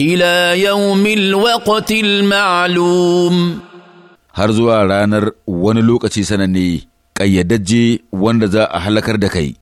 إلى يوم الوقت المعلوم هرزوا رانر ونلوك أتي سنني كي يدجي ونرزا أهلكر دكي